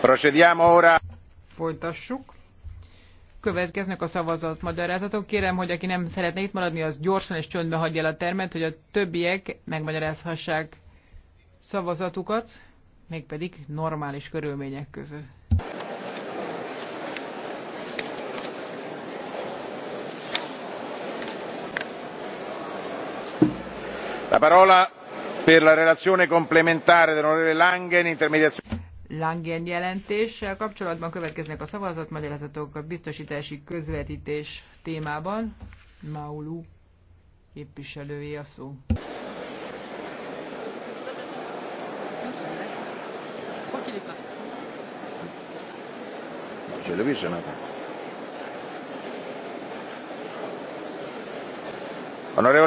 Procediamo ora. Folytassuk. Következnek a szavazat magyarázatok. Kérem, hogy aki nem szeretne itt maradni, az gyorsan és csöndbe hagyja el a termet, hogy a többiek megmagyarázhassák szavazatukat, mégpedig normális körülmények között. La parola per la relazione complementare dell'onorevole Langen, intermediazione. Langen jelentéssel kapcsolatban következnek a szavazatmagyarázatok a biztosítási közvetítés témában. Maulu képviselői a szó. Je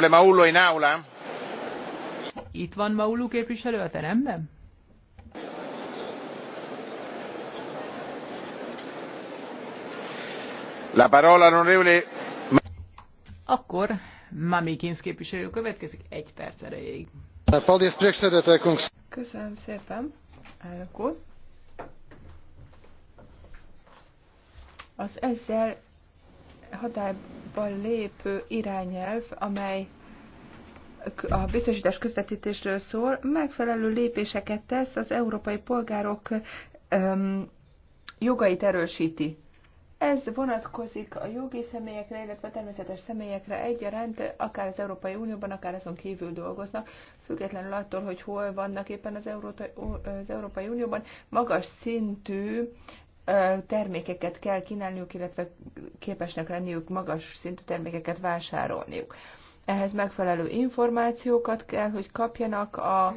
le in aula? Itt van Maulu képviselő a teremben? La parola onorevole... Akkor Mamikins képviselő következik egy perc erejéig. Köszönöm szépen, elnök úr. Az ezzel hatályban lépő irányelv, amely a biztosítás közvetítésről szól, megfelelő lépéseket tesz, az európai polgárok öm, jogait erősíti. Ez vonatkozik a jogi személyekre, illetve természetes személyekre egyaránt, akár az Európai Unióban, akár azon kívül dolgoznak, függetlenül attól, hogy hol vannak éppen az, Európai, az Európai Unióban. Magas szintű termékeket kell kínálniuk, illetve képesnek lenniük magas szintű termékeket vásárolniuk ehhez megfelelő információkat kell, hogy kapjanak a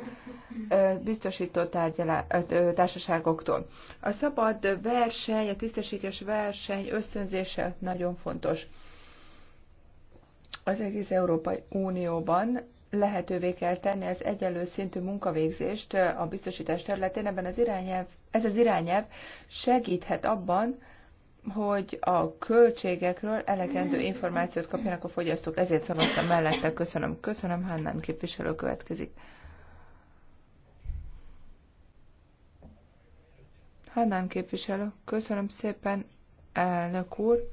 biztosító társaságoktól. A szabad verseny, a tisztességes verseny ösztönzése nagyon fontos. Az egész Európai Unióban lehetővé kell tenni az egyenlő szintű munkavégzést a biztosítás területén. Ebben az irányelv, ez az irányelv segíthet abban, hogy a költségekről elegendő információt kapjanak a fogyasztók. Ezért szavaztam mellette. Köszönöm. Köszönöm, Hannán képviselő következik. Hannán képviselő, köszönöm szépen, elnök úr.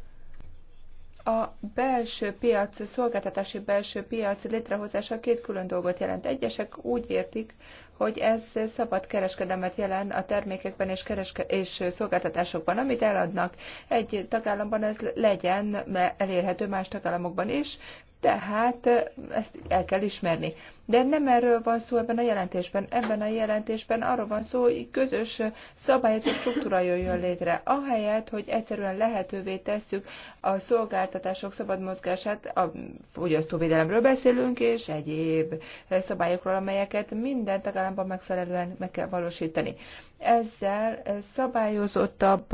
A belső piac, szolgáltatási belső piac létrehozása két külön dolgot jelent. Egyesek úgy értik, hogy ez szabad kereskedelmet jelent a termékekben és, kereske- és szolgáltatásokban, amit eladnak egy tagállamban, ez legyen elérhető más tagállamokban is, tehát ezt el kell ismerni. De nem erről van szó ebben a jelentésben. Ebben a jelentésben arról van szó, hogy közös szabályozó struktúra jöjjön létre. Ahelyett, hogy egyszerűen lehetővé tesszük a szolgáltatások szabad mozgását, a fogyasztóvédelemről beszélünk, és egyéb szabályokról, amelyeket minden tagállamban megfelelően meg kell valósítani. Ezzel szabályozottabb,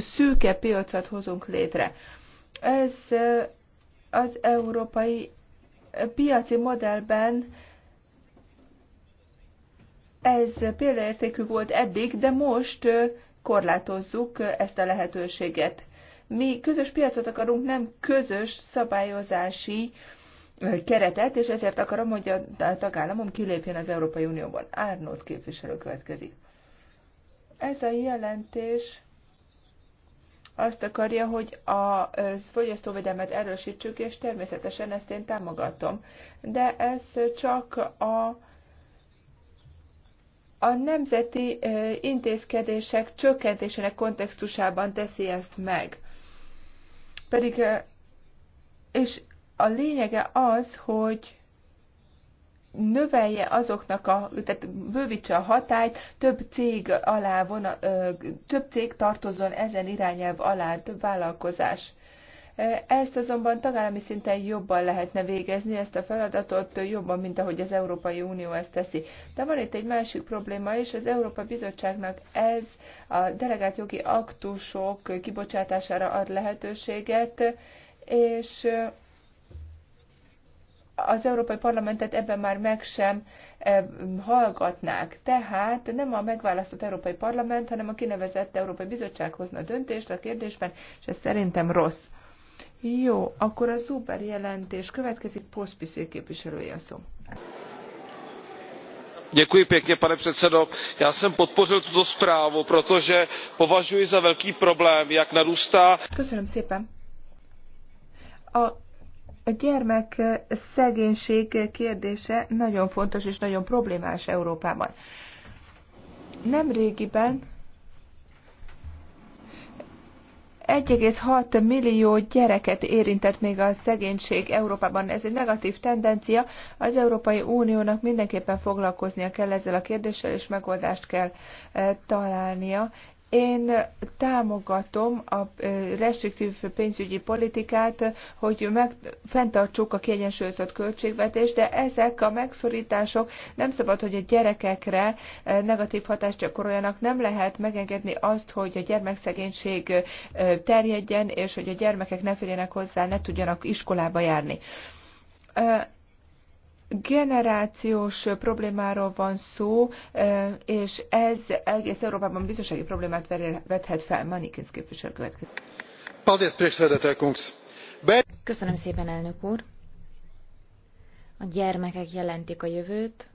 szűke piacot hozunk létre. Ez az európai piaci modellben ez példaértékű volt eddig, de most korlátozzuk ezt a lehetőséget. Mi közös piacot akarunk, nem közös szabályozási keretet, és ezért akarom, hogy a tagállamom kilépjen az Európai Unióban. Árnót képviselő következik. Ez a jelentés azt akarja, hogy a fogyasztóvédelmet erősítsük, és természetesen ezt én támogatom. De ez csak a a nemzeti intézkedések csökkentésének kontextusában teszi ezt meg. Pedig, és a lényege az, hogy növelje azoknak a, tehát bővítse a hatályt, több cég alá von, több cég tartozzon ezen irányelv alá, több vállalkozás. Ezt azonban tagállami szinten jobban lehetne végezni, ezt a feladatot jobban, mint ahogy az Európai Unió ezt teszi. De van itt egy másik probléma is, az Európa Bizottságnak ez a delegált jogi aktusok kibocsátására ad lehetőséget, és az Európai Parlamentet ebben már meg sem eh, hallgatnák. Tehát nem a megválasztott Európai Parlament, hanem a kinevezett Európai Bizottság hozna döntést a kérdésben, és ez szerintem rossz. Jó, akkor a Zuber jelentés következik, Poszpiszé képviselője a szó. Děkuji pěkně, pane předsedo. Já jsem podpořil tuto zprávu, protože považuji za velký problém, jak narůstá. Köszönöm szépen. A a gyermek szegénység kérdése nagyon fontos és nagyon problémás Európában. Nem régiben 1,6 millió gyereket érintett még a szegénység Európában. Ez egy negatív tendencia. Az Európai Uniónak mindenképpen foglalkoznia kell ezzel a kérdéssel, és megoldást kell találnia. Én támogatom a restriktív pénzügyi politikát, hogy meg, fenntartsuk a kiegyensúlyozott költségvetést, de ezek a megszorítások nem szabad, hogy a gyerekekre negatív hatást gyakoroljanak. Nem lehet megengedni azt, hogy a gyermekszegénység terjedjen, és hogy a gyermekek ne férjenek hozzá, ne tudjanak iskolába járni generációs problémáról van szó, és ez egész Európában biztonsági problémát vethet fel. Manikins képviselő következik. Köszönöm szépen, elnök úr! A gyermekek jelentik a jövőt,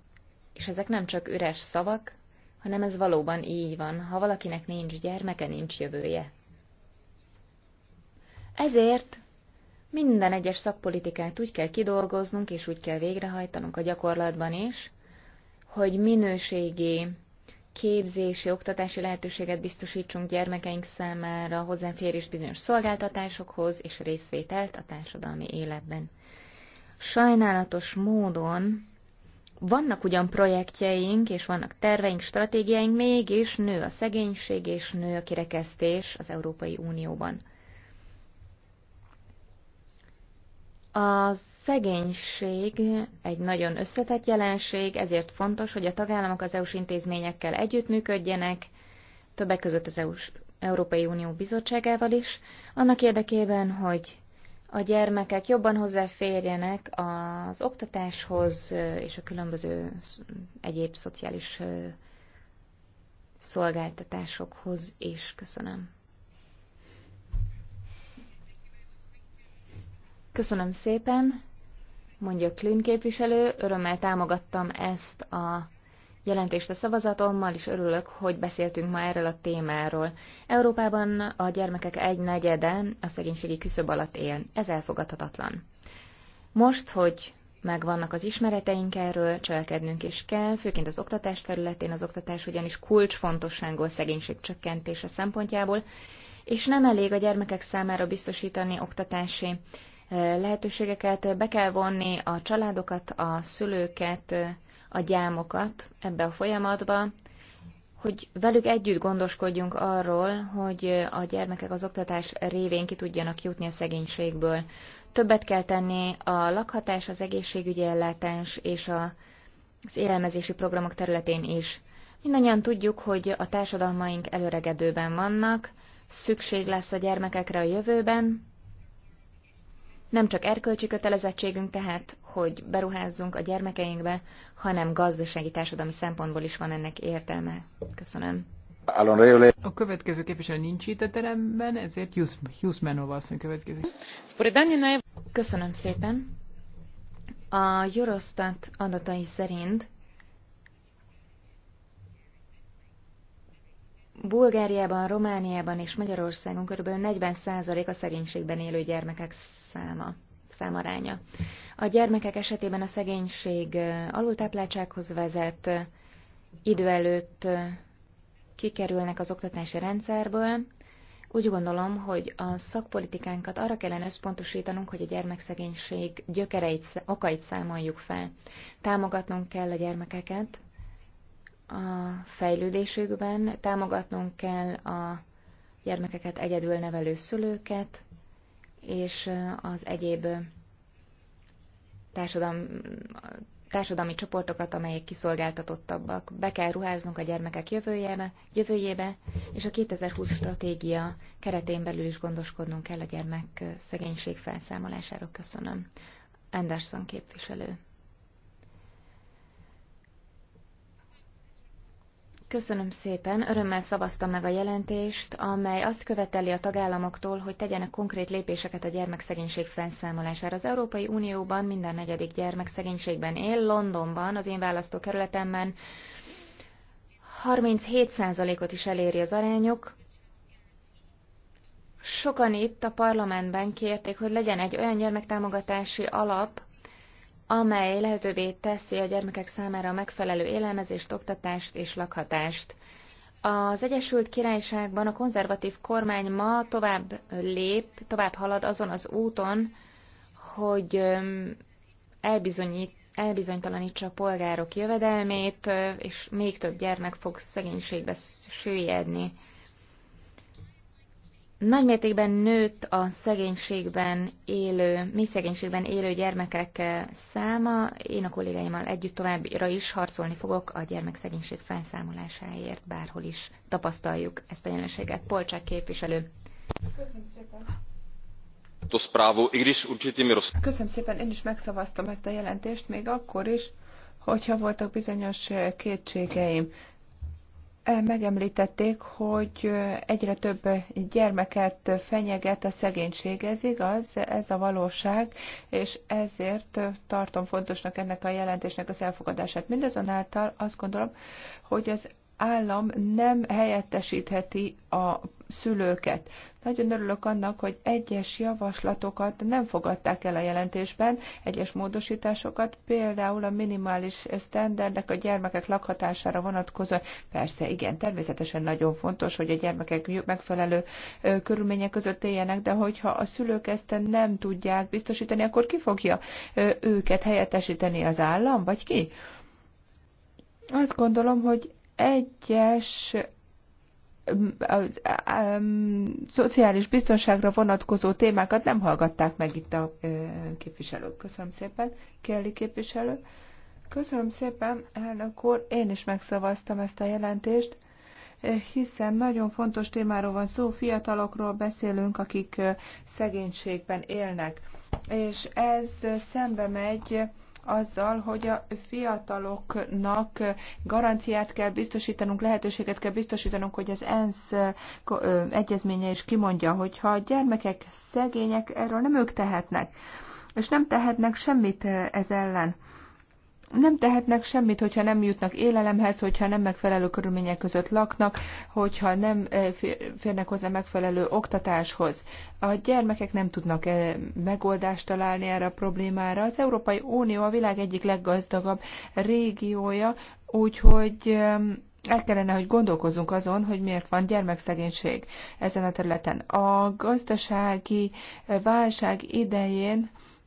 és ezek nem csak üres szavak, hanem ez valóban így van. Ha valakinek nincs gyermeke, nincs jövője. Ezért minden egyes szakpolitikát úgy kell kidolgoznunk, és úgy kell végrehajtanunk a gyakorlatban is, hogy minőségi képzési, oktatási lehetőséget biztosítsunk gyermekeink számára, hozzáférés bizonyos szolgáltatásokhoz és részvételt a társadalmi életben. Sajnálatos módon vannak ugyan projektjeink, és vannak terveink, stratégiáink, mégis nő a szegénység és nő a kirekesztés az Európai Unióban. A szegénység egy nagyon összetett jelenség, ezért fontos, hogy a tagállamok az EU-s intézményekkel együttműködjenek, többek között az EU-s, Európai Unió Bizottságával is, annak érdekében, hogy a gyermekek jobban hozzáférjenek az oktatáshoz és a különböző egyéb szociális szolgáltatásokhoz és Köszönöm. Köszönöm szépen, mondja Klün képviselő, örömmel támogattam ezt a jelentést a szavazatommal, és örülök, hogy beszéltünk ma erről a témáról. Európában a gyermekek egy negyede a szegénységi küszöb alatt él. Ez elfogadhatatlan. Most, hogy megvannak az ismereteink erről, cselekednünk is kell, főként az oktatás területén, az oktatás ugyanis kulcsfontosságú a szegénység csökkentése szempontjából, és nem elég a gyermekek számára biztosítani oktatási lehetőségeket, be kell vonni a családokat, a szülőket, a gyámokat ebbe a folyamatba, hogy velük együtt gondoskodjunk arról, hogy a gyermekek az oktatás révén ki tudjanak jutni a szegénységből. Többet kell tenni a lakhatás, az egészségügyi ellátás és az élelmezési programok területén is. Mindannyian tudjuk, hogy a társadalmaink előregedőben vannak, szükség lesz a gyermekekre a jövőben, nem csak erkölcsi kötelezettségünk tehát, hogy beruházzunk a gyermekeinkbe, hanem gazdasági társadalmi szempontból is van ennek értelme. Köszönöm. A következő képviselő nincs itt a teremben, ezért Jusmenova asszony következik. Köszönöm szépen. A Eurostat adatai szerint Bulgáriában, Romániában és Magyarországon kb. 40% a szegénységben élő gyermekek száma számaránya. A gyermekek esetében a szegénység alultápláltsághoz vezet, idő előtt kikerülnek az oktatási rendszerből. Úgy gondolom, hogy a szakpolitikánkat arra kellene összpontosítanunk, hogy a gyermekszegénység gyökereit, okait számoljuk fel. Támogatnunk kell a gyermekeket, a fejlődésükben, támogatnunk kell a gyermekeket egyedül nevelő szülőket, és az egyéb társadalmi, társadalmi csoportokat, amelyek kiszolgáltatottabbak. Be kell ruháznunk a gyermekek jövőjébe, jövőjébe, és a 2020 stratégia keretén belül is gondoskodnunk kell a gyermek szegénység felszámolására. Köszönöm. Anderson képviselő. Köszönöm szépen. Örömmel szavaztam meg a jelentést, amely azt követeli a tagállamoktól, hogy tegyenek konkrét lépéseket a gyermekszegénység felszámolására. Az Európai Unióban minden negyedik gyermekszegénységben él, Londonban, az én választókerületemben 37%-ot is eléri az arányok. Sokan itt a parlamentben kérték, hogy legyen egy olyan gyermektámogatási alap, amely lehetővé teszi a gyermekek számára a megfelelő élelmezést, oktatást és lakhatást. Az Egyesült Királyságban a konzervatív kormány ma tovább lép, tovább halad azon az úton, hogy elbizonytalanítsa a polgárok jövedelmét, és még több gyermek fog szegénységbe süllyedni. Nagy mértékben nőtt a szegénységben élő, mi szegénységben élő gyermekek száma. Én a kollégáimmal együtt továbbra is harcolni fogok a gyermekszegénység felszámolásáért, bárhol is tapasztaljuk ezt a jelenséget. Polcsák képviselő. Köszönöm szépen. Köszönöm szépen, én is megszavaztam ezt a jelentést, még akkor is, hogyha voltak bizonyos kétségeim megemlítették, hogy egyre több gyermeket fenyeget a szegénység. Ez igaz, ez a valóság, és ezért tartom fontosnak ennek a jelentésnek az elfogadását. Mindazonáltal azt gondolom, hogy az állam nem helyettesítheti a szülőket. Nagyon örülök annak, hogy egyes javaslatokat nem fogadták el a jelentésben, egyes módosításokat, például a minimális sztenderdek a gyermekek lakhatására vonatkozó. Persze, igen, természetesen nagyon fontos, hogy a gyermekek megfelelő körülmények között éljenek, de hogyha a szülők ezt nem tudják biztosítani, akkor ki fogja őket helyettesíteni az állam, vagy ki? Azt gondolom, hogy egyes mm, az, um, szociális biztonságra vonatkozó témákat nem hallgatták meg itt a uh, képviselők. Köszönöm szépen, Kelly képviselő. Köszönöm szépen, elnök úr, én is megszavaztam ezt a jelentést, hiszen nagyon fontos témáról van szó, fiatalokról beszélünk, akik szegénységben élnek. És ez szembe megy azzal, hogy a fiataloknak garanciát kell biztosítanunk, lehetőséget kell biztosítanunk, hogy az ENSZ egyezménye is kimondja, hogyha a gyermekek szegények, erről nem ők tehetnek, és nem tehetnek semmit ez ellen nem tehetnek semmit, hogyha nem jutnak élelemhez, hogyha nem megfelelő körülmények között laknak, hogyha nem eh, férnek hozzá megfelelő oktatáshoz. A gyermekek nem tudnak eh, megoldást találni erre a problémára. Az Európai Unió a világ egyik leggazdagabb régiója, úgyhogy el kellene, hogy gondolkozzunk azon, hogy miért van gyermekszegénység ezen a területen. A gazdasági eh, válság idején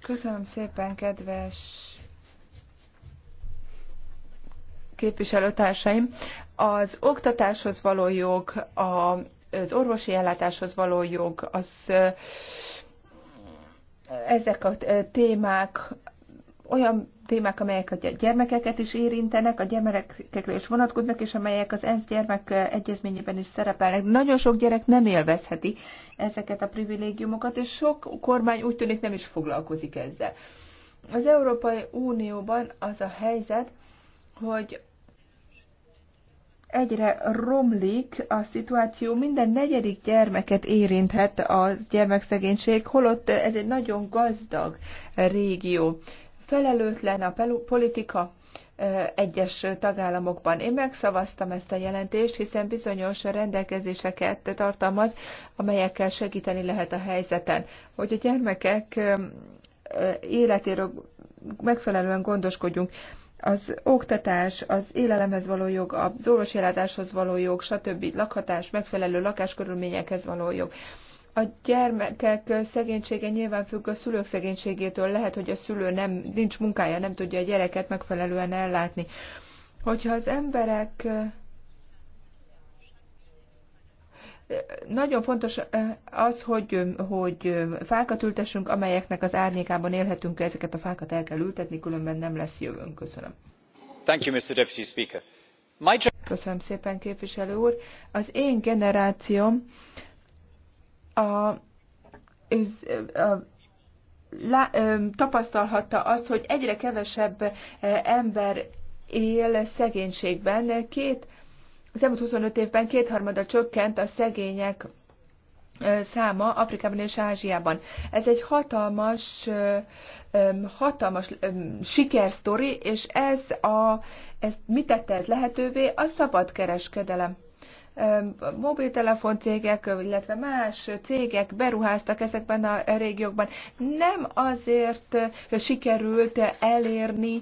Köszönöm szépen, kedves képviselőtársaim. Az oktatáshoz való jog, az orvosi ellátáshoz való jog, az ezek a témák olyan témák, amelyek a gyermekeket is érintenek, a gyermekekre is vonatkoznak, és amelyek az ENSZ gyermek egyezményében is szerepelnek. Nagyon sok gyerek nem élvezheti ezeket a privilégiumokat, és sok kormány úgy tűnik nem is foglalkozik ezzel. Az Európai Unióban az a helyzet, hogy egyre romlik a szituáció, minden negyedik gyermeket érinthet a gyermekszegénység, holott ez egy nagyon gazdag régió felelőtlen a politika egyes tagállamokban. Én megszavaztam ezt a jelentést, hiszen bizonyos rendelkezéseket tartalmaz, amelyekkel segíteni lehet a helyzeten, hogy a gyermekek életéről megfelelően gondoskodjunk az oktatás, az élelemhez való jog, az orvosi ellátáshoz való jog, stb. lakhatás, megfelelő lakáskörülményekhez való jog. A gyermekek szegénysége nyilván függ a szülők szegénységétől. Lehet, hogy a szülő nem, nincs munkája, nem tudja a gyereket megfelelően ellátni. Hogyha az emberek nagyon fontos az, hogy, hogy fákat ültessünk, amelyeknek az árnyékában élhetünk, ezeket a fákat el kell ültetni, különben nem lesz jövőnk. Köszönöm. Thank you, Mr. Deputy Speaker. My... Köszönöm szépen, képviselő úr. Az én generációm a, az, a lá, ö, tapasztalhatta azt, hogy egyre kevesebb ember él szegénységben. Két, az elmúlt 25 évben kétharmada csökkent a szegények száma Afrikában és Ázsiában. Ez egy hatalmas, hatalmas sikersztori, és ez a, ez mit tette ez lehetővé? A kereskedelem mobiltelefon cégek, illetve más cégek beruháztak ezekben a régiókban. Nem azért sikerült elérni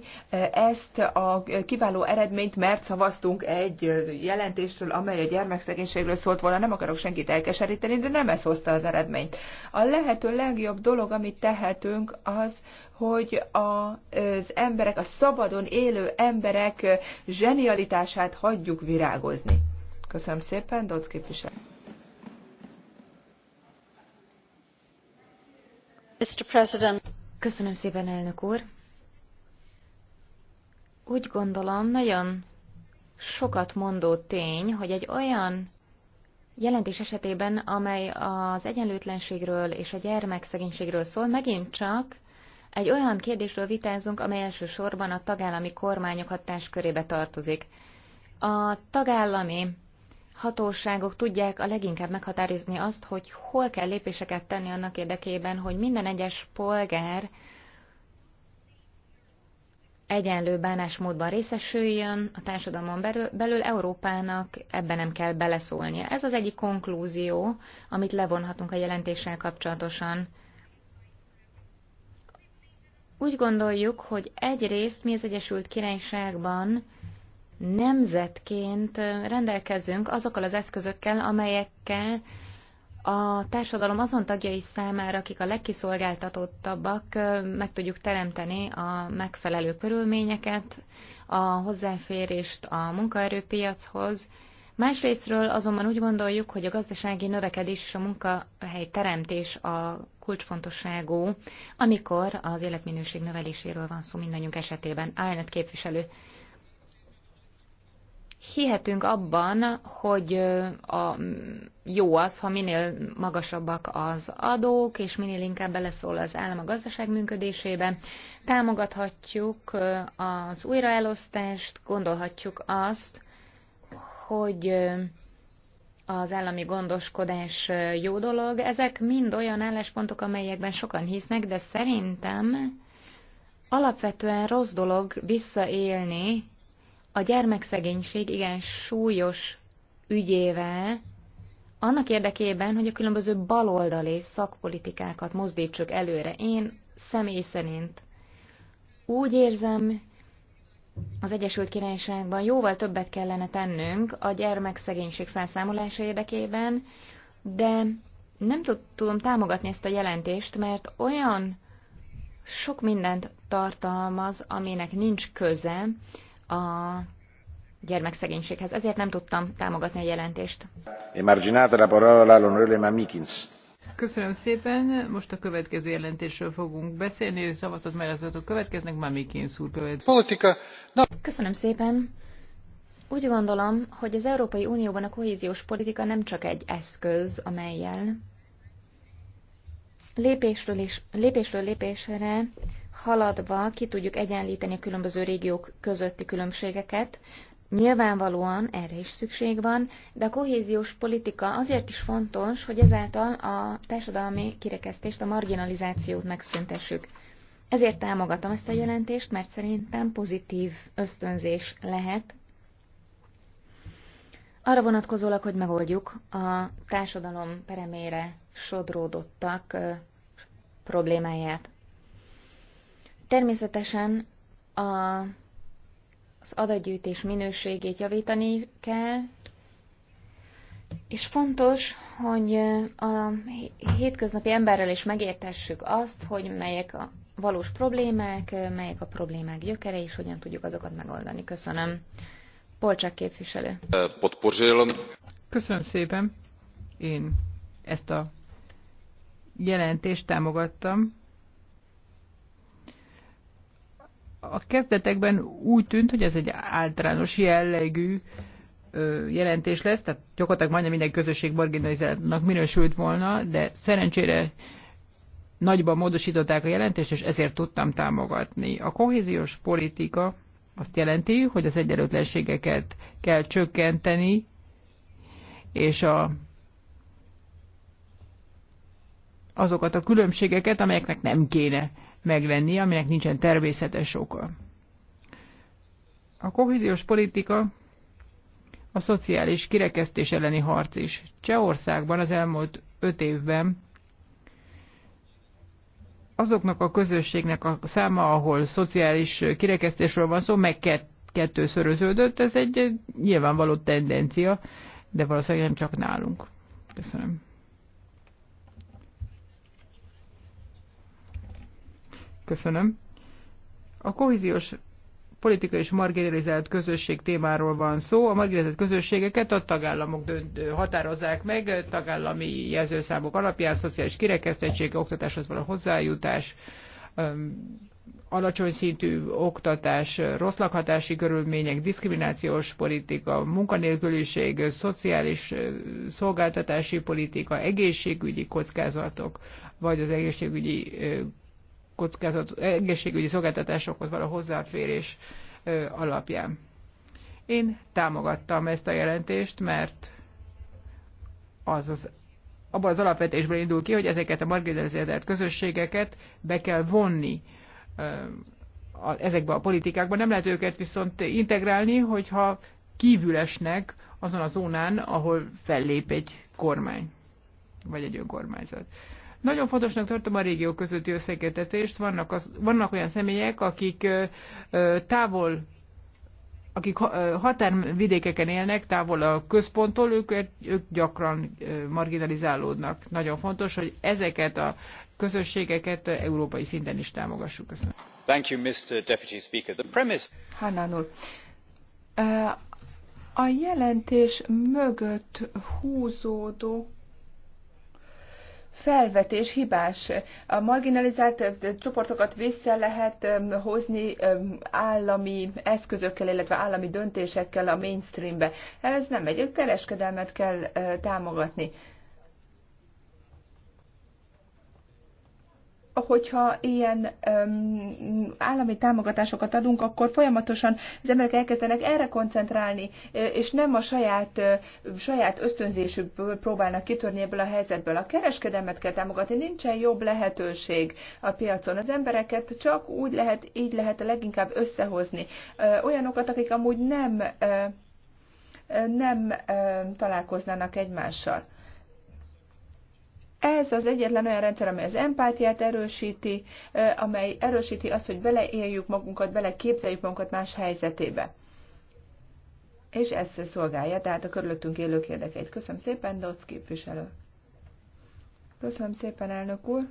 ezt a kiváló eredményt, mert szavaztunk egy jelentéstől, amely a gyermekszegénységről szólt volna. Nem akarok senkit elkeseríteni, de nem ez hozta az eredményt. A lehető legjobb dolog, amit tehetünk, az, hogy az emberek, a szabadon élő emberek zsenialitását hagyjuk virágozni. Köszönöm szépen, Dodds képviselő. Mr. President. Köszönöm szépen, elnök úr. Úgy gondolom, nagyon sokat mondó tény, hogy egy olyan jelentés esetében, amely az egyenlőtlenségről és a gyermekszegénységről szól, megint csak egy olyan kérdésről vitázunk, amely elsősorban a tagállami kormányok hatáskörébe tartozik. A tagállami hatóságok tudják a leginkább meghatározni azt, hogy hol kell lépéseket tenni annak érdekében, hogy minden egyes polgár egyenlő bánásmódban részesüljön a társadalmon belül, belül Európának ebben nem kell beleszólnia. Ez az egyik konklúzió, amit levonhatunk a jelentéssel kapcsolatosan. Úgy gondoljuk, hogy egyrészt mi az Egyesült Királyságban nemzetként rendelkezünk azokkal az eszközökkel, amelyekkel a társadalom azon tagjai számára, akik a legkiszolgáltatottabbak, meg tudjuk teremteni a megfelelő körülményeket, a hozzáférést a munkaerőpiachoz. Másrésztről azonban úgy gondoljuk, hogy a gazdasági növekedés és a munkahely teremtés a kulcsfontosságú, amikor az életminőség növeléséről van szó mindannyiunk esetében. Arnett képviselő hihetünk abban, hogy a, mm, jó az, ha minél magasabbak az adók, és minél inkább beleszól az állam a gazdaság működésébe. Támogathatjuk az újraelosztást, gondolhatjuk azt, hogy az állami gondoskodás jó dolog. Ezek mind olyan álláspontok, amelyekben sokan hisznek, de szerintem alapvetően rossz dolog visszaélni a gyermekszegénység igen súlyos ügyével, annak érdekében, hogy a különböző baloldali szakpolitikákat mozdítsuk előre. Én személy szerint úgy érzem, az Egyesült Királyságban jóval többet kellene tennünk a gyermekszegénység felszámolása érdekében, de nem tudom támogatni ezt a jelentést, mert olyan sok mindent tartalmaz, aminek nincs köze a gyermekszegénységhez. Ezért nem tudtam támogatni a jelentést. Köszönöm szépen. Most a következő jelentésről fogunk beszélni. Szavazat a következnek. Mamikins úr követ. Politika. Na. Köszönöm szépen. Úgy gondolom, hogy az Európai Unióban a kohéziós politika nem csak egy eszköz, amelyel lépésről, is, lépésről lépésre haladva ki tudjuk egyenlíteni a különböző régiók közötti különbségeket. Nyilvánvalóan erre is szükség van, de a kohéziós politika azért is fontos, hogy ezáltal a társadalmi kirekesztést, a marginalizációt megszüntessük. Ezért támogatom ezt a jelentést, mert szerintem pozitív ösztönzés lehet arra vonatkozólag, hogy megoldjuk a társadalom peremére sodródottak problémáját. Természetesen a, az adatgyűjtés minőségét javítani kell, és fontos, hogy a hétköznapi emberrel is megértessük azt, hogy melyek a valós problémák, melyek a problémák gyökere, és hogyan tudjuk azokat megoldani. Köszönöm. Polcsák képviselő. Köszönöm szépen. Én ezt a jelentést támogattam. a kezdetekben úgy tűnt, hogy ez egy általános jellegű jelentés lesz, tehát gyakorlatilag majdnem minden közösség marginalizáltnak minősült volna, de szerencsére nagyban módosították a jelentést, és ezért tudtam támogatni. A kohéziós politika azt jelenti, hogy az egyenlőtlenségeket kell csökkenteni, és a, azokat a különbségeket, amelyeknek nem kéne megvenni, aminek nincsen természetes oka. A kohéziós politika a szociális kirekesztés elleni harc is. Csehországban az elmúlt öt évben azoknak a közösségnek a száma, ahol szociális kirekesztésről van szó, meg kettőszöröződött. Ez egy nyilvánvaló tendencia, de valószínűleg nem csak nálunk. Köszönöm. Köszönöm. A kohéziós politika és marginalizált közösség témáról van szó. A marginalizált közösségeket a tagállamok döntő határozzák meg, tagállami jelzőszámok alapján, szociális kirekesztettség, oktatáshoz való hozzájutás, alacsony szintű oktatás, rossz lakhatási körülmények, diszkriminációs politika, munkanélküliség, szociális szolgáltatási politika, egészségügyi kockázatok, vagy az egészségügyi kockázat, egészségügyi szolgáltatásokhoz való hozzáférés alapján. Én támogattam ezt a jelentést, mert az az abban az alapvetésből indul ki, hogy ezeket a marginalizált közösségeket be kell vonni ezekbe a politikákba. Nem lehet őket viszont integrálni, hogyha kívül esnek azon a zónán, ahol fellép egy kormány, vagy egy önkormányzat. Nagyon fontosnak tartom a régió közötti összekötetést. Vannak, az, vannak olyan személyek, akik távol akik határvidékeken élnek, távol a központtól, ők, ők gyakran marginalizálódnak. Nagyon fontos, hogy ezeket a közösségeket európai szinten is támogassuk. Köszönöm. Thank you, Mr. Deputy Speaker. The premise... Hánánul. a jelentés mögött húzódó felvetés hibás. A marginalizált csoportokat vissza lehet hozni állami eszközökkel, illetve állami döntésekkel a mainstreambe. Ez nem egy kereskedelmet kell támogatni. hogyha ilyen öm, állami támogatásokat adunk, akkor folyamatosan az emberek elkezdenek erre koncentrálni, és nem a saját, ö, saját ösztönzésükből próbálnak kitörni ebből a helyzetből. A kereskedelmet kell támogatni, nincsen jobb lehetőség a piacon. Az embereket csak úgy lehet, így lehet a leginkább összehozni. Ö, olyanokat, akik amúgy nem, ö, nem ö, találkoznának egymással ez az egyetlen olyan rendszer, amely az empátiát erősíti, amely erősíti azt, hogy beleéljük magunkat, beleképzeljük magunkat más helyzetébe. És ez szolgálja, tehát a körülöttünk élők érdekeit. Köszönöm szépen, Doc képviselő. Köszönöm szépen, elnök úr.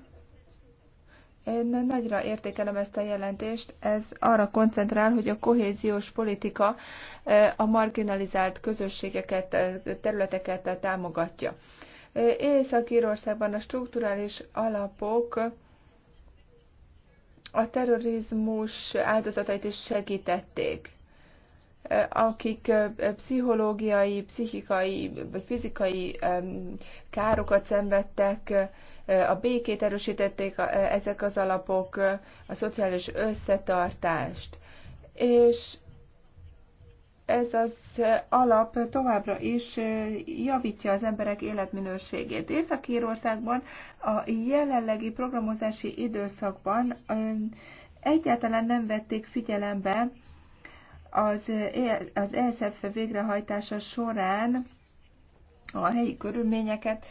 Én nagyra értékelem ezt a jelentést. Ez arra koncentrál, hogy a kohéziós politika a marginalizált közösségeket, területeket támogatja. Észak-Írországban a strukturális alapok a terrorizmus áldozatait is segítették, akik pszichológiai, pszichikai vagy fizikai károkat szenvedtek, a békét erősítették ezek az alapok, a szociális összetartást. És ez az alap továbbra is javítja az emberek életminőségét. Észak-Írországban a jelenlegi programozási időszakban egyáltalán nem vették figyelembe az, ESF e végrehajtása során a helyi körülményeket,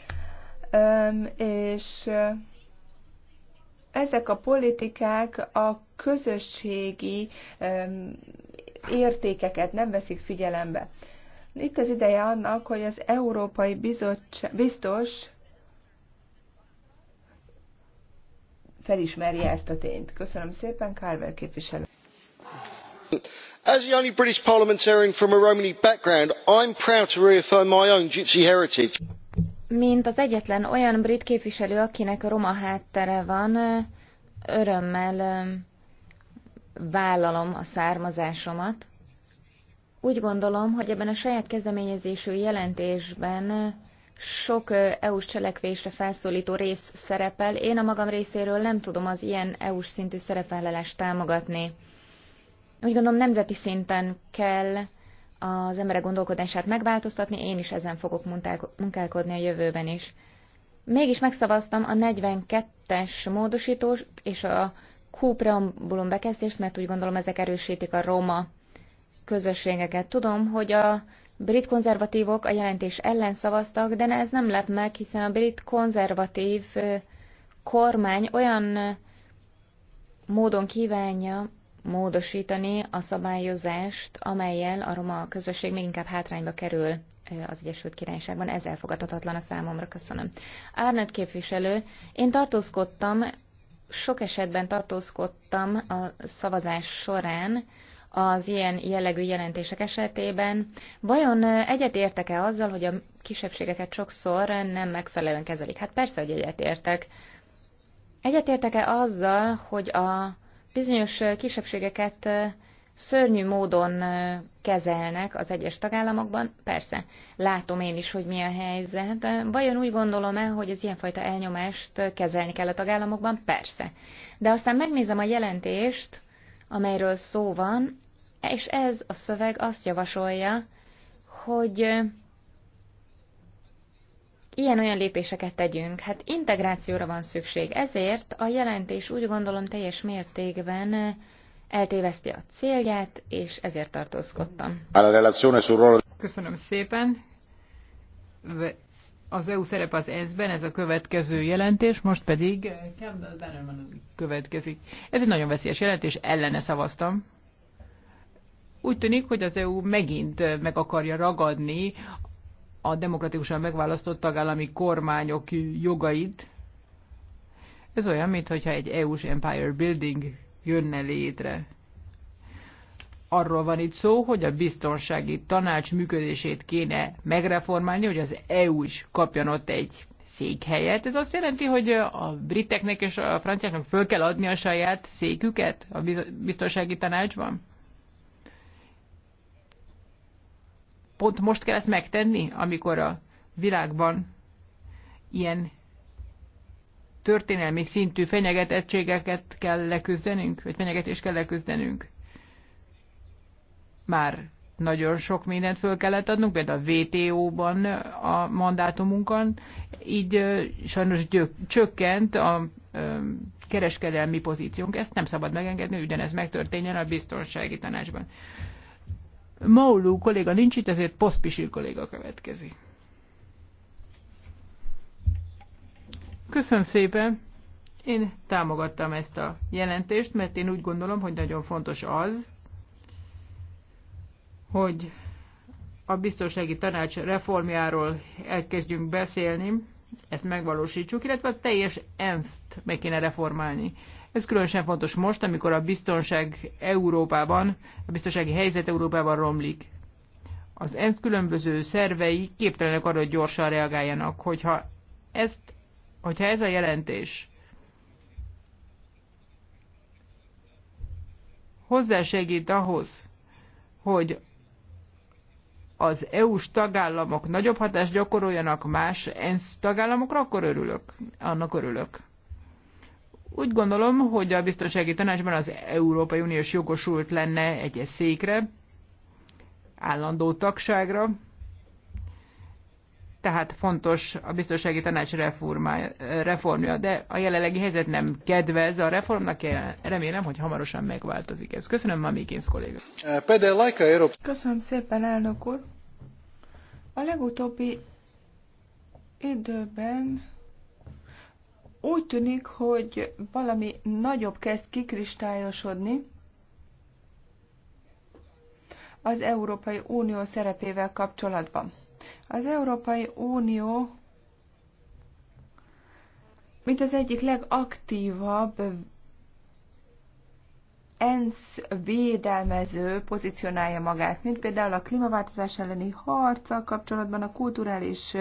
és ezek a politikák a közösségi értékeket nem veszik figyelembe. Itt az ideje annak, hogy az Európai Bizottság, biztos felismerje ezt a tényt. Köszönöm szépen, Carver képviselő. As the only British parliamentarian from a Romani background, I'm proud to reaffirm my own gypsy heritage. Mint az egyetlen olyan brit képviselő, akinek roma háttere van, örömmel vállalom a származásomat. Úgy gondolom, hogy ebben a saját kezdeményezésű jelentésben sok EU-s cselekvésre felszólító rész szerepel. Én a magam részéről nem tudom az ilyen EU-s szintű szerepvállalást támogatni. Úgy gondolom, nemzeti szinten kell az emberek gondolkodását megváltoztatni, én is ezen fogok munkálkodni a jövőben is. Mégis megszavaztam a 42-es módosítót és a kúpreambulum bekezdést, mert úgy gondolom ezek erősítik a roma közösségeket. Tudom, hogy a brit konzervatívok a jelentés ellen szavaztak, de ez nem lep meg, hiszen a brit konzervatív kormány olyan módon kívánja módosítani a szabályozást, amelyel a roma közösség még inkább hátrányba kerül az Egyesült Királyságban. Ez elfogadhatatlan a számomra, köszönöm. Árnett képviselő, én tartózkodtam sok esetben tartózkodtam a szavazás során az ilyen jellegű jelentések esetében. Vajon egyetértek-e azzal, hogy a kisebbségeket sokszor nem megfelelően kezelik? Hát persze, hogy egyetértek. Egyetértek-e azzal, hogy a bizonyos kisebbségeket szörnyű módon kezelnek az egyes tagállamokban. Persze, látom én is, hogy mi a helyzet. Vajon úgy gondolom-e, hogy az ilyenfajta elnyomást kezelni kell a tagállamokban? Persze. De aztán megnézem a jelentést, amelyről szó van, és ez a szöveg azt javasolja, hogy ilyen-olyan lépéseket tegyünk. Hát integrációra van szükség. Ezért a jelentés úgy gondolom teljes mértékben eltéveszti a célját, és ezért tartózkodtam. Köszönöm szépen. Az EU szerep az ENSZ-ben, ez a következő jelentés, most pedig eh, Campbell Bannerman következik. Ez egy nagyon veszélyes jelentés, ellene szavaztam. Úgy tűnik, hogy az EU megint eh, meg akarja ragadni a demokratikusan megválasztott tagállami kormányok jogait. Ez olyan, mintha egy EU-s empire building jönne létre. Arról van itt szó, hogy a biztonsági tanács működését kéne megreformálni, hogy az EU is kapjon ott egy székhelyet. Ez azt jelenti, hogy a briteknek és a franciáknak föl kell adni a saját széküket a biztonsági tanácsban? Pont most kell ezt megtenni, amikor a világban ilyen történelmi szintű fenyegetettségeket kell leküzdenünk, vagy fenyegetést kell leküzdenünk. Már nagyon sok mindent föl kellett adnunk, például a WTO-ban a mandátumunkon, így sajnos gyök, csökkent a kereskedelmi pozíciónk. Ezt nem szabad megengedni, hogy ugyanez megtörténjen a biztonsági tanácsban. Maulú kolléga nincs itt, ezért Poszpisil kolléga következik. Köszönöm szépen. Én támogattam ezt a jelentést, mert én úgy gondolom, hogy nagyon fontos az, hogy a biztonsági tanács reformjáról elkezdjünk beszélni, ezt megvalósítsuk, illetve a teljes ENSZ-t meg kéne reformálni. Ez különösen fontos most, amikor a biztonság Európában, a biztonsági helyzet Európában romlik. Az ENSZ különböző szervei képtelenek arra, hogy gyorsan reagáljanak. Hogyha ezt hogyha ez a jelentés hozzásegít ahhoz, hogy az EU-s tagállamok nagyobb hatást gyakoroljanak más ENSZ tagállamokra, akkor örülök. Annak örülök. Úgy gondolom, hogy a biztonsági tanácsban az Európai Uniós jogosult lenne egy székre, állandó tagságra, tehát fontos a biztonsági tanács reformja, de a jelenlegi helyzet nem kedvez a reformnak, remélem, hogy hamarosan megváltozik ez. Köszönöm, Kénz kolléga. Köszönöm szépen, elnök úr. A legutóbbi időben úgy tűnik, hogy valami nagyobb kezd kikristályosodni az Európai Unió szerepével kapcsolatban. Az Európai Unió mint az egyik legaktívabb ENSZ védelmező pozícionálja magát, mint például a klímaváltozás elleni harccal kapcsolatban, a kulturális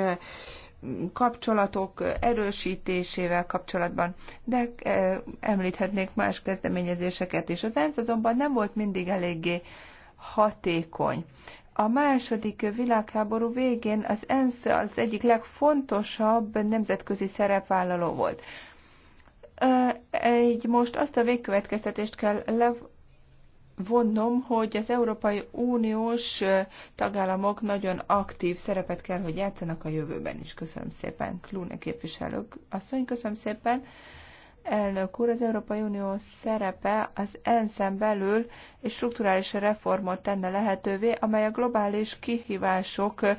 kapcsolatok erősítésével kapcsolatban, de említhetnék más kezdeményezéseket is. Az ENSZ azonban nem volt mindig eléggé hatékony. A második világháború végén az ENSZ az egyik legfontosabb nemzetközi szerepvállaló volt. Így most azt a végkövetkeztetést kell levonnom, hogy az Európai Uniós tagállamok nagyon aktív szerepet kell, hogy játszanak a jövőben is. Köszönöm szépen, Klune képviselők. Asszony, köszönöm szépen. Elnök úr, az Európai Unió szerepe az ensz belül egy strukturális reformot tenne lehetővé, amely a globális kihívásokra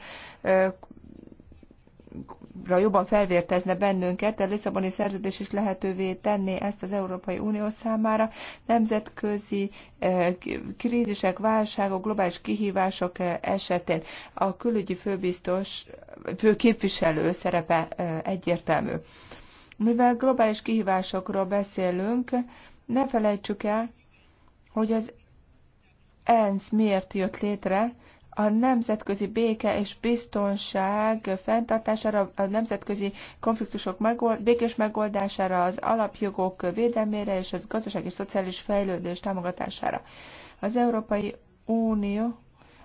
jobban felvértezne bennünket, a Lisszaboni szerződés is lehetővé tenni ezt az Európai Unió számára. Nemzetközi krízisek, válságok, globális kihívások esetén a külügyi főbiztos, főképviselő szerepe egyértelmű. Mivel globális kihívásokról beszélünk, ne felejtsük el, hogy az ENSZ miért jött létre, a nemzetközi béke és biztonság fenntartására, a nemzetközi konfliktusok megold, békés megoldására, az alapjogok védelmére és az gazdasági és szociális fejlődés támogatására. Az Európai Unió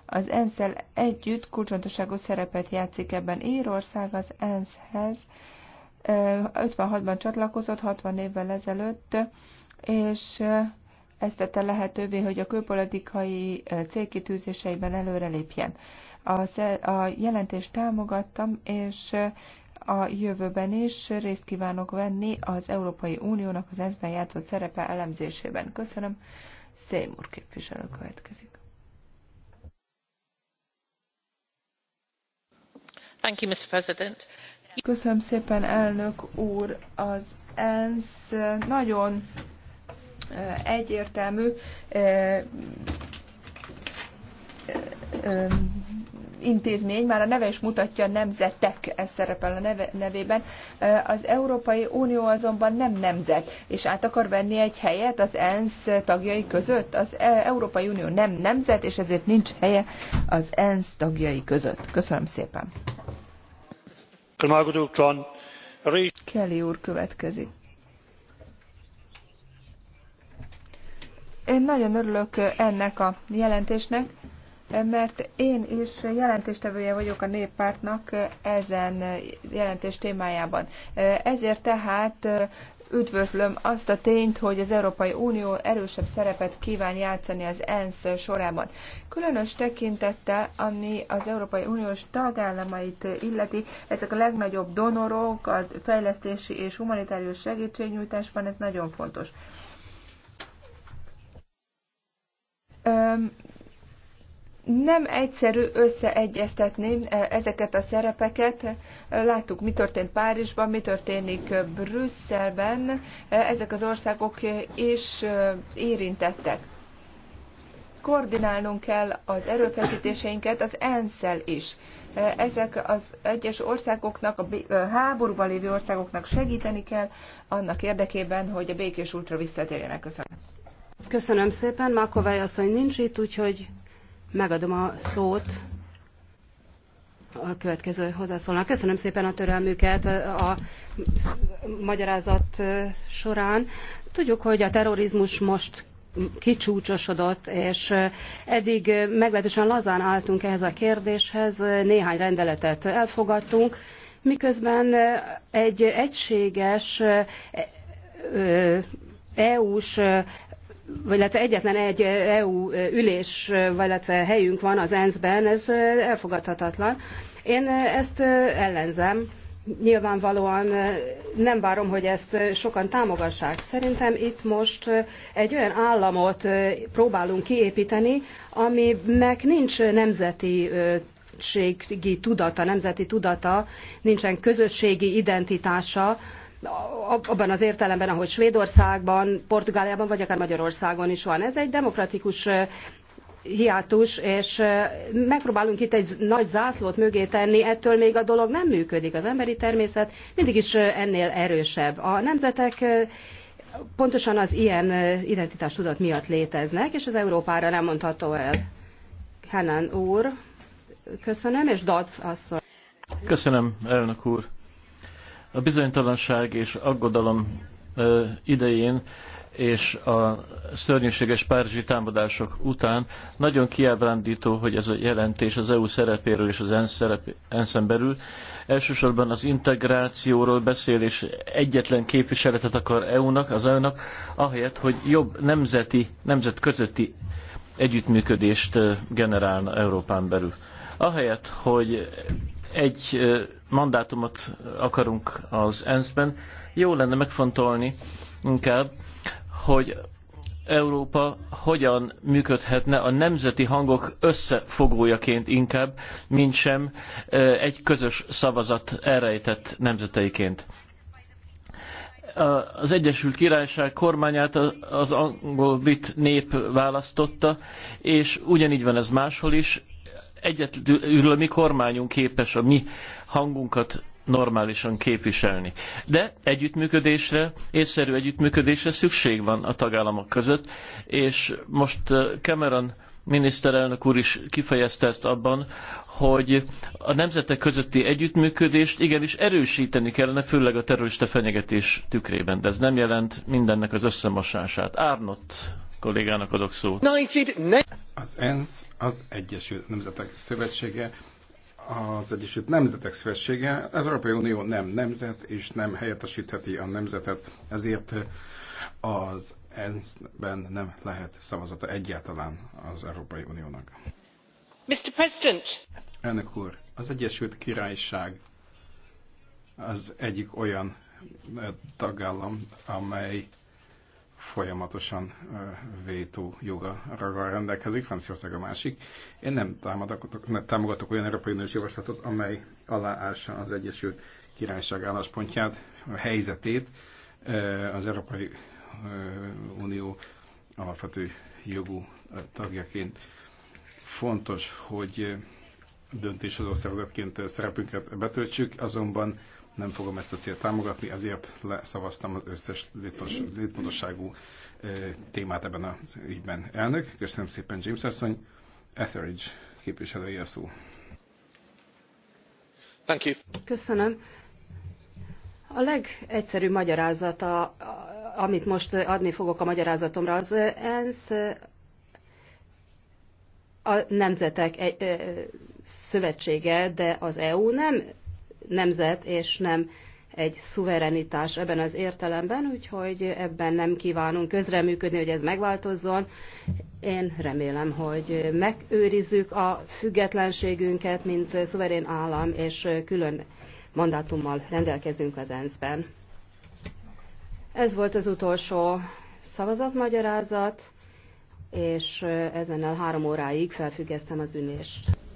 az ENSZ-el együtt kulcsfontosságú szerepet játszik ebben. Írország az ENSZ-hez 56-ban csatlakozott, 60 évvel ezelőtt, és ezt tette lehetővé, hogy a külpolitikai célkitűzéseiben előrelépjen. A, a jelentést támogattam, és a jövőben is részt kívánok venni az Európai Uniónak az ENSZ-ben játszott szerepe elemzésében. Köszönöm. Szémur képviselő következik. Thank you, Mr. President Köszönöm szépen, elnök úr. Az ENSZ nagyon egyértelmű intézmény, már a neve is mutatja, nemzetek, ez szerepel a neve, nevében. Az Európai Unió azonban nem nemzet, és át akar venni egy helyet az ENSZ tagjai között. Az Európai Unió nem nemzet, és ezért nincs helye az ENSZ tagjai között. Köszönöm szépen! Kelly úr következik. Én nagyon örülök ennek a jelentésnek, mert én is jelentéstevője vagyok a néppártnak ezen jelentés témájában. Ezért tehát Üdvözlöm azt a tényt, hogy az Európai Unió erősebb szerepet kíván játszani az ENSZ sorában. Különös tekintettel, ami az Európai Uniós tagállamait illeti, ezek a legnagyobb donorok a fejlesztési és humanitárius segítségnyújtásban, ez nagyon fontos nem egyszerű összeegyeztetni eh, ezeket a szerepeket. Eh, láttuk, mi történt Párizsban, mi történik eh, Brüsszelben. Ezek az országok is érintettek. Koordinálnunk kell az erőfeszítéseinket az ensz is. Ezek az egyes országoknak, a háborúban lévő országoknak segíteni kell annak érdekében, hogy a békés útra visszatérjenek. Köszönöm. Köszönöm szépen. Makovály asszony nincs itt, úgyhogy megadom a szót a következő hozzászólnak. Köszönöm szépen a törelmüket a magyarázat során. Tudjuk, hogy a terrorizmus most kicsúcsosodott, és eddig meglehetősen lazán álltunk ehhez a kérdéshez, néhány rendeletet elfogadtunk, miközben egy egységes EU-s illetve egyetlen egy EU ülés, illetve helyünk van az ENSZ-ben, ez elfogadhatatlan. Én ezt ellenzem. Nyilvánvalóan nem várom, hogy ezt sokan támogassák. Szerintem itt most egy olyan államot próbálunk kiépíteni, aminek nincs nemzeti tudata, nemzeti tudata, nincsen közösségi identitása, abban az értelemben, ahogy Svédországban, Portugáliában vagy akár Magyarországon is van. Ez egy demokratikus hiátus, és megpróbálunk itt egy nagy zászlót mögé tenni, ettől még a dolog nem működik. Az emberi természet mindig is ennél erősebb. A nemzetek pontosan az ilyen identitástudat miatt léteznek, és az Európára nem mondható el. Henan úr, köszönöm, és Dac asszony. Köszönöm, elnök úr. A bizonytalanság és aggodalom idején és a szörnyűséges párizsi támadások után nagyon kiábrándító, hogy ez a jelentés az EU szerepéről és az ENSZ szerep, e belül elsősorban az integrációról beszél, és egyetlen képviseletet akar EU-nak, az EU-nak, ahelyett, hogy jobb nemzeti, nemzet közötti együttműködést generálna Európán belül. Ahelyett, hogy egy mandátumot akarunk az ENSZ-ben, jó lenne megfontolni inkább, hogy Európa hogyan működhetne a nemzeti hangok összefogójaként inkább, mint sem egy közös szavazat elrejtett nemzeteiként. Az Egyesült Királyság kormányát az angol brit nép választotta, és ugyanígy van ez máshol is. Egyetlenül a mi kormányunk képes a mi hangunkat normálisan képviselni. De együttműködésre, észszerű együttműködésre szükség van a tagállamok között, és most eh, Cameron miniszterelnök úr is kifejezte ezt abban, hogy a nemzetek közötti együttműködést igenis erősíteni kellene, főleg a terrorista fenyegetés tükrében, de ez nem jelent mindennek az összemosását. Árnott kollégának adok szót. Az ENSZ, az Egyesült Nemzetek Szövetsége az Egyesült Nemzetek Szövetsége, az Európai Unió nem nemzet, és nem helyettesítheti a nemzetet, ezért az ENSZ-ben nem lehet szavazata egyáltalán az Európai Uniónak. Mr. President! Elnök úr, az Egyesült Királyság az egyik olyan tagállam, amely folyamatosan vétó joga raggal rendelkezik, Franciaország a másik. Én nem támogatok, nem támogatok olyan Európai Uniós javaslatot, amely aláássa az Egyesült Királyság álláspontját, a helyzetét az Európai Unió alapvető jogú tagjaként. Fontos, hogy döntéshozó szervezetként szerepünket betöltsük, azonban nem fogom ezt a célt támogatni, ezért leszavaztam az összes létfontosságú témát ebben az ügyben. Elnök, köszönöm szépen James asszony, Etheridge képviselői a szó. Thank you. Köszönöm. A legegyszerűbb magyarázata, amit most adni fogok a magyarázatomra, az ENSZ a Nemzetek Szövetsége, de az EU nem nemzet, és nem egy szuverenitás ebben az értelemben, úgyhogy ebben nem kívánunk közreműködni, hogy ez megváltozzon. Én remélem, hogy megőrizzük a függetlenségünket, mint szuverén állam, és külön mandátummal rendelkezünk az ENSZ-ben. Ez volt az utolsó szavazatmagyarázat, és ezen a három óráig felfüggesztem az ülést.